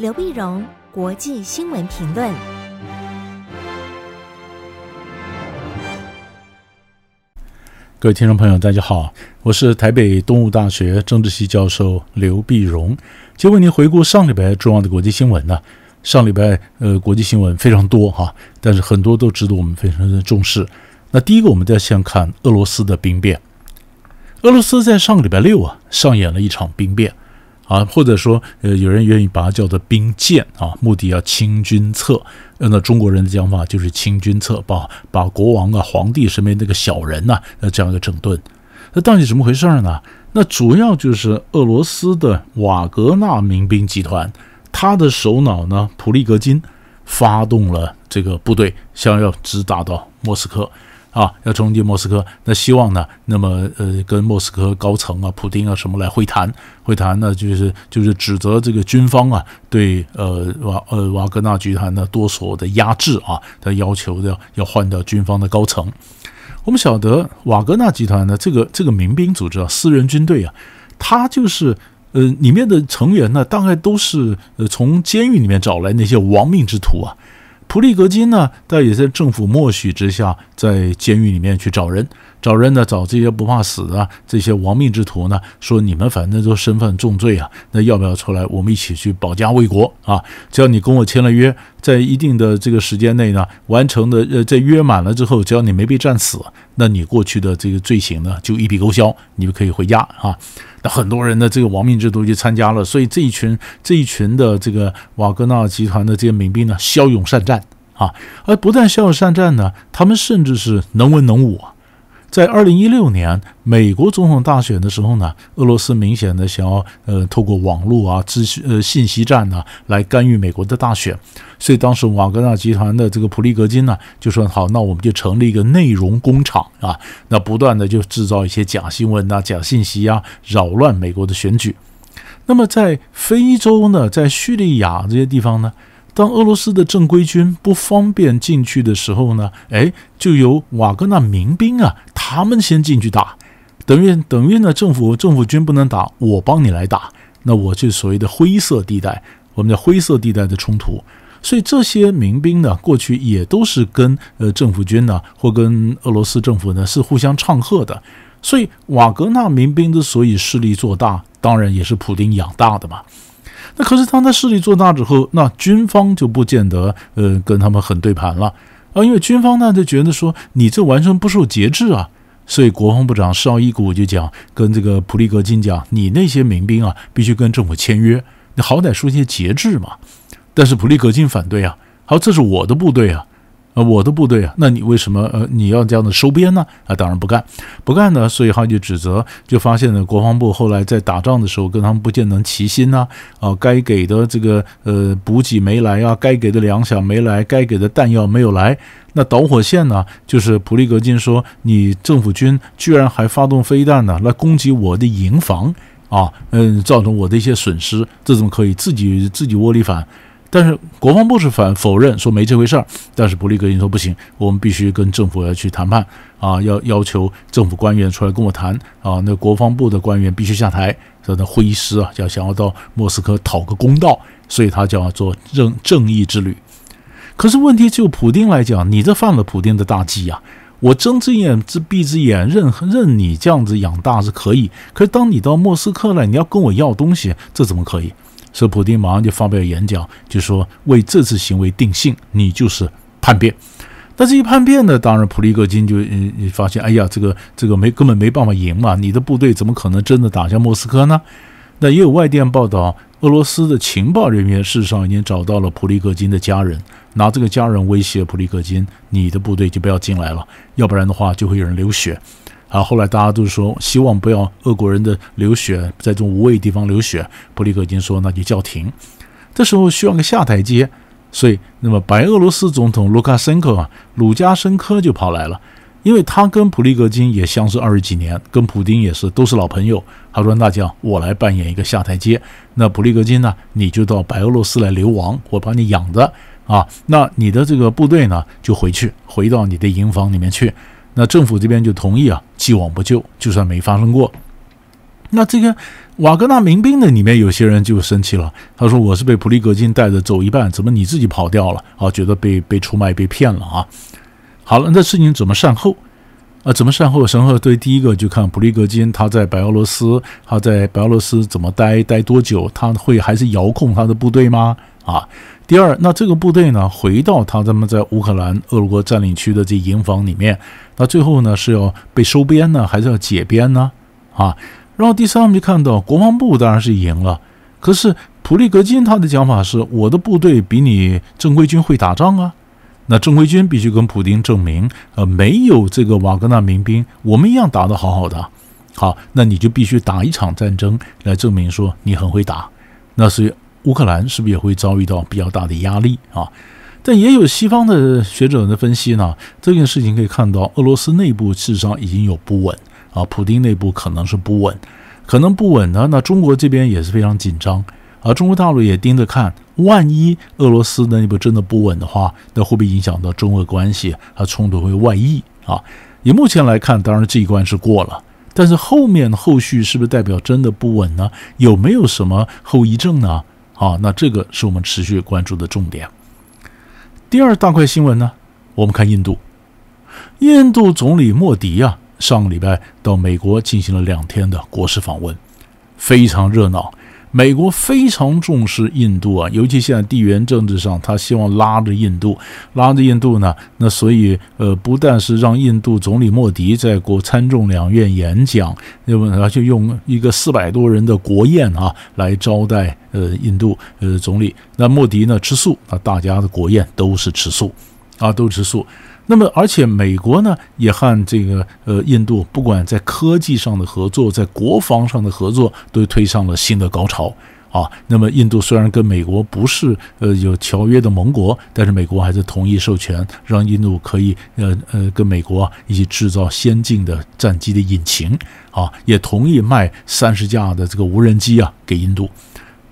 劉必榮，國際新聞評論。各位聽眾朋友，大家好，我是台北東吳大學政治系教授劉必榮，就為您回顧上禮拜重要的國際新聞呢。上禮拜呃，國際新聞非常多哈、啊，但是很多都值得我們非常的重視。那第一個，我們再先看俄羅斯的兵變。俄羅斯在上個禮拜六啊，上演了一場兵變。啊，或者說，呃，有人願意把它叫做兵諫啊，目的要清君側。按、啊、照中國人的講法，就是清君側，把把國王啊、皇帝身邊那個小人吶、啊，那這樣一個整頓。那到底怎麼回事呢？那主要就是俄羅斯的瓦格納民兵集團，他的首腦呢普里格津，發動了這個部隊，想要直達到莫斯科。啊，要衝擊莫斯科，那希望呢，那麼，呃，跟莫斯科高層啊，普丁啊什麼來會談。會談呢，就是就是指責這個軍方啊，對呃瓦呃瓦格納集團呢，多所的壓制啊，他要求要要換掉軍方的高層。我們曉得瓦格納集團呢，這個這個民兵組織啊，私人軍隊啊，他就是呃裡面的成員呢，大概都是呃從監獄裡面找來那些亡命之徒啊。普里格津呢，但也在政府默許之下，在監獄裡面去找人。找人呢，找這些不怕死的，這些亡命之徒呢，說，你們反正都身犯重罪啊，那要不要出來？我們一起去保家衛國啊！只要你跟我簽了約，在一定的這個時間內呢，完成的呃，在約滿了之後，只要你沒被戰死，那你過去的這個罪行呢，就一筆勾銷，你們可以回家啊！那很多人呢，這個亡命之徒就參加了，所以這一群這一群的這個瓦格納集團的這些民兵呢，驍勇善戰啊，而不但驍勇善戰呢，他們甚至是能文能武。在二零一六年美國總統大選的時候呢，俄羅斯明顯的想要呃透過網絡啊、資訊呃信息戰呢、啊、來干預美國的大選，所以當時瓦格納集團的這個普里格津呢、啊、就說好，那我們就成立一個內容工廠啊，那不斷的就制造一些假新聞吶、啊、假信息啊，擾亂美國的選舉。那麼在非洲呢，在敘利亞這些地方呢，當俄羅斯的正規軍不方便進去的時候呢，誒，就由瓦格納民兵啊。他們先進去打，等於等於呢，政府政府軍不能打，我幫你來打。那我就所謂的灰色地帶，我們叫灰色地帶的衝突。所以這些民兵呢，過去也都是跟呃政府軍呢，或跟俄羅斯政府呢是互相唱和的。所以瓦格納民兵之所以勢力做大，當然也是普丁養大的嘛。那可是當他勢力做大之後，那軍方就不見得呃跟他們很對盤了啊，因為軍方呢就覺得說你這完全不受節制啊。所以國防部長紹伊古就講，跟這個普里格津講，你那些民兵啊，必須跟政府簽約，你好歹說些節制嘛。但是普里格津反對啊，好，這是我的部隊啊。呃，我的部隊啊，那你為什麼呃，你要這樣的收編呢？啊、呃，當然不幹，不幹呢，所以他就指責，就發現呢，國防部後來在打仗的時候跟他們不見得齊心吶、啊，啊、呃，該給的這個呃補給沒來啊，該給的糧餉沒來，該給的彈藥沒有來，那導火線呢，就是普里格津說，你政府軍居然還發動飛彈呢，來攻擊我的營房啊，嗯，造成我的一些損失，這種可以自己自己窩裡反？但是國防部是反否認說沒這回事兒，但是普里格津說不行，我們必須跟政府要去談判啊，要要求政府官員出來跟我談啊，那國防部的官員必須下台，叫他揮師啊，要想要到莫斯科討個公道，所以他叫做正正義之旅。可是問題就普丁來講，你這犯了普丁的大忌啊！我睜隻眼只閉隻眼，任任你這樣子養大是可以，可是當你到莫斯科來，你要跟我要東西，這怎麼可以？所以普丁馬上就發表演講，就說為這次行為定性，你就是叛變。但是一叛變呢？當然普里格津就嗯發現，哎呀，這個這個沒根本沒辦法贏嘛，你的部隊怎麼可能真的打下莫斯科呢？那也有外電報道，俄羅斯的情報人員事實上已經找到了普里格津的家人，拿這個家人威脅普里格津，你的部隊就不要進來了，要不然的話就會有人流血。啊，後來大家都是說，希望不要俄國人的流血，在這種無謂的地方流血。普里格津說，那就叫停。這時候需要個下台階，所以那麼白俄羅斯總統盧卡申科啊，盧加申科就跑來了，因為他跟普里格津也相識二十幾年，跟普丁也是都是老朋友。他說：「大家我來扮演一個下台階，那普里格津呢，你就到白俄羅斯來流亡，我把你養着啊，那你的這個部隊呢，就回去回到你的營房裡面去。那政府這邊就同意啊，既往不咎，就算沒發生過。那這個瓦格納民兵的裡面有些人就生氣了，他說：“我是被普里格津帶着走一半，怎麼你自己跑掉了？啊，覺得被被出賣、被騙了啊！”好了，那事情怎麼善後啊？怎麼善後？善後對第一個就看普里格津他在白俄羅斯，他在白俄羅斯怎麼待待多久？他會還是遙控他的部隊嗎？啊，第二，那這個部隊呢，回到他他們在烏克蘭、俄國佔領區的這營房裡面，那最後呢是要被收編呢，還是要解編呢？啊，然後第三，我們就看到國防部當然是贏了，可是普里格津他的講法是，我的部隊比你正規軍會打仗啊，那正規軍必須跟普丁證明，呃，沒有這個瓦格納民兵，我們一樣打得好好的，好，那你就必須打一場戰爭來證明說你很會打，那是。烏克蘭是不是也會遭遇到比較大的壓力啊？但也有西方的學者的分析呢，這件事情可以看到，俄羅斯內部事實上已經有不穩啊，普丁內部可能是不穩，可能不穩呢。那中國這邊也是非常緊張啊，中國大陸也盯着看，萬一俄羅斯的內部真的不穩的話，那會不會影響到中俄關係啊？它衝突會外溢啊？以目前來看，當然這一關是過了，但是後面後續是不是代表真的不穩呢？有沒有什麼後遺症呢？啊，那這個是我們持續關注的重點。第二大塊新聞呢，我們看印度，印度總理莫迪啊，上個禮拜到美國進行了兩天的國事訪問，非常熱鬧。美國非常重視印度啊，尤其現在地緣政治上，他希望拉着印度，拉着印度呢，那所以呃，不但是讓印度總理莫迪在國參眾兩院演講，那麼他就用一個四百多人的國宴啊來招待呃印度呃總理。那莫迪呢吃素，啊，大家的國宴都是吃素，啊，都吃素。那麼，而且美國呢也和這個呃印度，不管在科技上的合作，在國防上的合作，都推上了新的高潮啊。那麼，印度雖然跟美國不是呃有條約的盟國，但是美國還是同意授權，讓印度可以呃呃跟美國一起製造先進的戰機的引擎啊，也同意賣三十架的這個無人機啊給印度。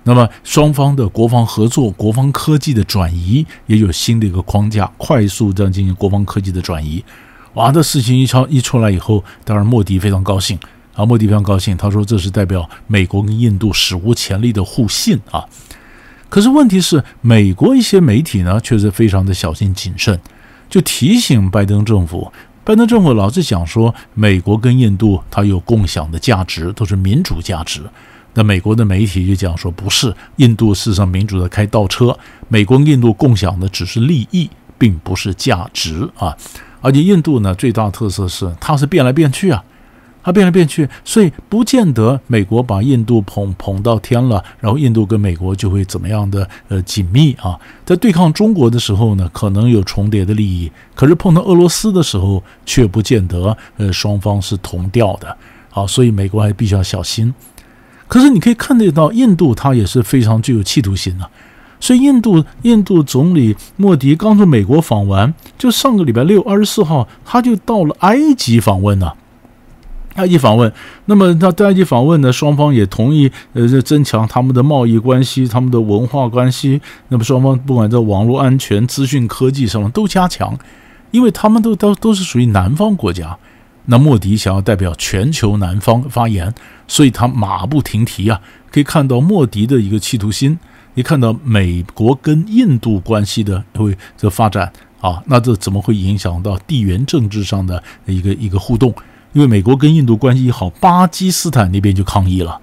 那麼，雙方的國防合作、國防科技的轉移也有新的一個框架，快速這樣進行國防科技的轉移。哇、啊，這事情一出一出來以後，當然莫迪非常高興啊，莫迪非常高興，他說這是代表美國跟印度史無前例的互信啊。可是問題是，美國一些媒體呢卻是非常的小心謹慎，就提醒拜登政府，拜登政府老是講說美國跟印度它有共享的價值，都是民主價值。那美國的媒體就講說，不是印度是上民主的開倒車，美國跟印度共享的只是利益，並不是價值啊！而且印度呢，最大特色是它是變來變去啊，它變來變去，所以不見得美國把印度捧捧到天了，然後印度跟美國就會怎麼樣的呃緊密啊！在對抗中國的時候呢，可能有重疊的利益，可是碰到俄羅斯的時候，卻不見得呃雙方是同調的。好，所以美國還必須要小心。可是你可以看得到，印度它也是非常具有企圖心的，所以印度印度總理莫迪剛從美國訪完，就上個禮拜六二十四號他就到了埃及訪問了，埃及訪問。那麼他對埃及訪問呢，雙方也同意呃增強他們的貿易關係、他們的文化關係。那麼雙方不管在網絡安全、資訊科技上都加強，因為他們都都都是屬於南方國家。那莫迪想要代表全球南方發言，所以他馬不停蹄啊，可以看到莫迪的一個企圖心。你看到美國跟印度關係的會的發展啊，那這怎麼會影響到地緣政治上的一個一個互動？因為美國跟印度關係一好，巴基斯坦那邊就抗議了，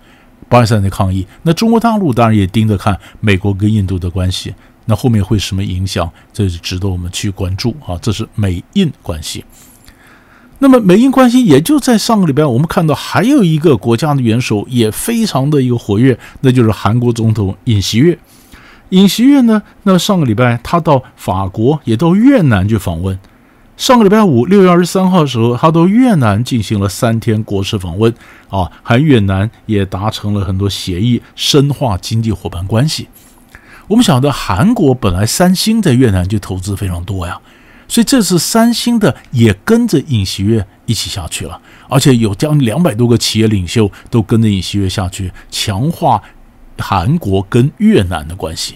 巴基斯坦的抗議。那中國大陸當然也盯着看美國跟印度的關係，那後面會什麼影響？這是值得我們去關注啊。這是美印關係。那麼，美印關係。也就在上個禮拜，我們看到還有一個國家的元首也非常的一個活躍，那就是韓國總統尹錫悅。尹錫悅呢，那上個禮拜他到法國，也到越南去訪問。上個禮拜五，六月二十三號的時候，他到越南進行了三天國事訪問。啊，韓越南也達成了很多協議，深化經濟夥伴關係。我們曉得，韓國本來三星在越南就投資非常多呀。所以這次三星的也跟着尹錫悅一起下去了，而且有將近兩百多個企業領袖都跟着尹錫悅下去，強化韓國跟越南的關係。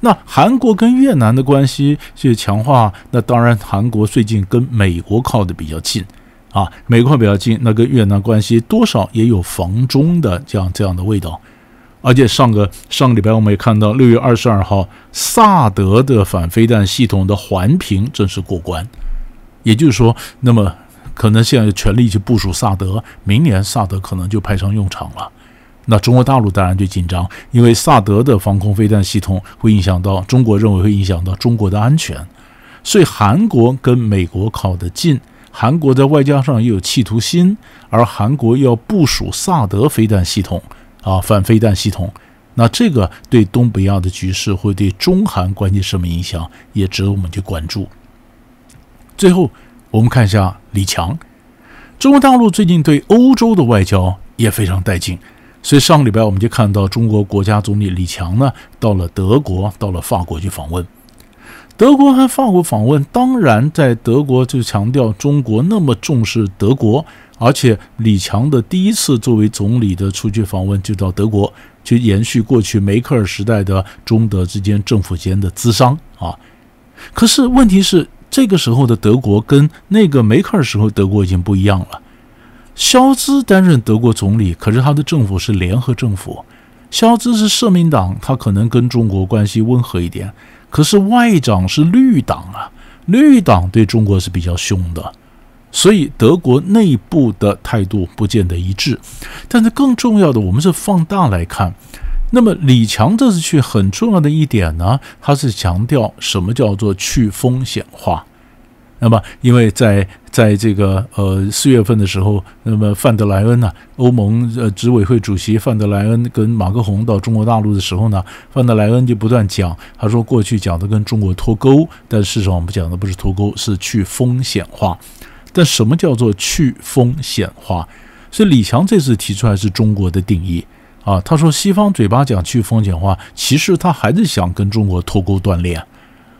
那韓國跟越南的關係是強化，那當然韓國最近跟美國靠的比較近啊，美國比較近，那跟越南關係多少也有防中的這樣這樣的味道。而且上個上個禮拜我們也看到，六月二十二號，薩德的反飛彈系統的環評正式過關。也就是說，那麼可能現在全力去部署薩德，明年薩德可能就派上用場了。那中國大陸當然就緊張，因為薩德的防空飛彈系統會影響到中國，認為會影響到中國的安全。所以韓國跟美國靠得近，韓國在外交上也有企圖心，而韓國要部署薩德飛彈系統。啊，反飛彈系統，那這個對東北亞的局勢，會對中韓關係什麼影響，也值得我們去關注。最後，我們看一下李強，中國大陸最近對歐洲的外交也非常帶勁，所以上個禮拜我們就看到中國國家總理李強呢，到了德國，到了法國去訪問，德國和法國訪問，當然在德國就強調中國那麼重視德國。而且李強的第一次作為總理的出去訪問就到德國，就延續過去梅克爾時代的中德之間政府間的諮商啊。可是問題是，這個時候的德國跟那個梅克爾時候德國已經不一樣了。肖茲擔任德國總理，可是他的政府是聯合政府。肖茲是社民黨，他可能跟中國關係溫和一點。可是外長是綠黨啊，綠黨對中國是比較兇的。所以德國內部的態度不見得一致，但是更重要的，我們是放大來看。那麼李強這次去很重要的一點呢，他是強調什麼叫做去風險化。那麼因為在在這個呃四月份的時候，那麼范德萊恩呢，啊，歐盟呃執委會主席范德萊恩跟馬克宏到中國大陸的時候呢，范德萊恩就不斷講，他說過去講的跟中國脫鈎，但事實上我們講的不是脫鈎，是去風險化。但什麼叫做去風險化？所以李強這次提出來是中國的定義啊。他說西方嘴巴講去風險化，其實他還是想跟中國脫鈎斷鏈。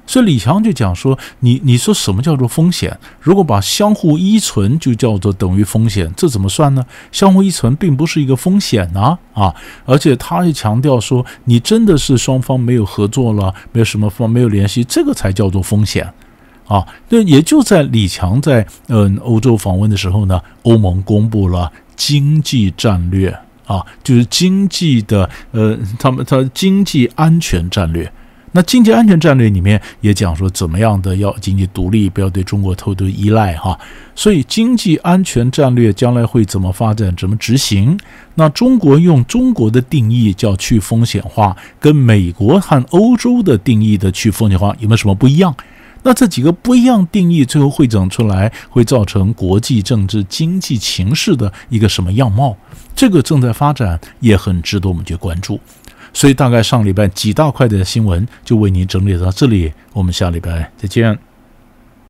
所以李強就講說，你你說什麼叫做風險？如果把相互依存就叫做等於風險，這怎麼算呢？相互依存並不是一個風險啊啊！而且他也強調說，你真的是雙方沒有合作了，沒有什麼方沒有聯繫，這個才叫做風險。啊，那也就在李強在嗯、呃、歐洲訪問的時候呢，歐盟公布了經濟戰略啊，就是經濟的呃，他們他經濟安全戰略。那經濟安全戰略裡面也講說怎麼樣的要經濟獨立，不要對中國太多依賴哈、啊。所以經濟安全戰略將來會怎麼發展，怎麼執行？那中國用中國的定義叫去風險化，跟美國和歐洲的定義的去風險化有沒有什麼不一樣？那這幾個不一樣定義，最後彙整出來，會造成國際政治經濟情勢的一個什麼樣貌？這個正在發展，也很值得我們去關注。所以，大概上禮拜幾大塊的新聞就為您整理到這裡，我們下禮拜再見。